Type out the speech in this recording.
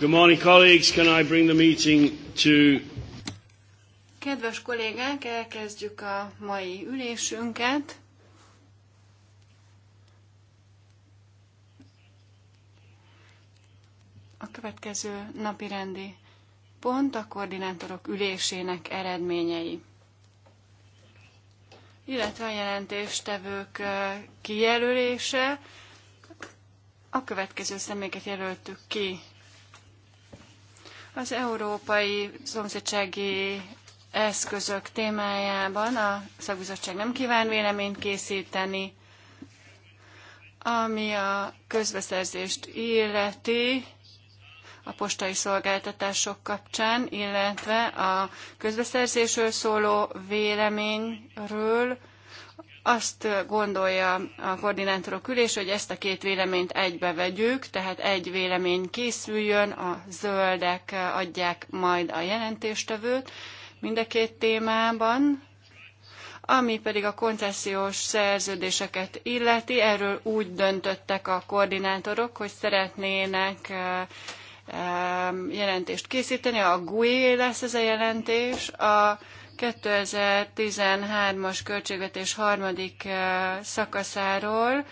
Good morning, colleagues. Can I bring the meeting to... Kedves kollégák, elkezdjük a mai ülésünket. A következő napi rendi pont a koordinátorok ülésének eredményei illetve a jelentéstevők eh, kijelölése. A következő személyeket jelöltük ki az európai szomszédsági eszközök témájában a szakbizottság nem kíván véleményt készíteni, ami a közbeszerzést illeti a postai szolgáltatások kapcsán, illetve a közbeszerzésről szóló véleményről azt gondolja a koordinátorok ülés, hogy ezt a két véleményt egybe vegyük, tehát egy vélemény készüljön, a zöldek adják majd a jelentéstevőt mind a két témában, ami pedig a koncesziós szerződéseket illeti, erről úgy döntöttek a koordinátorok, hogy szeretnének eh, eh, jelentést készíteni, a GUI lesz ez a jelentés, a 2013-as költségvetés harmadik eh, szakaszáról,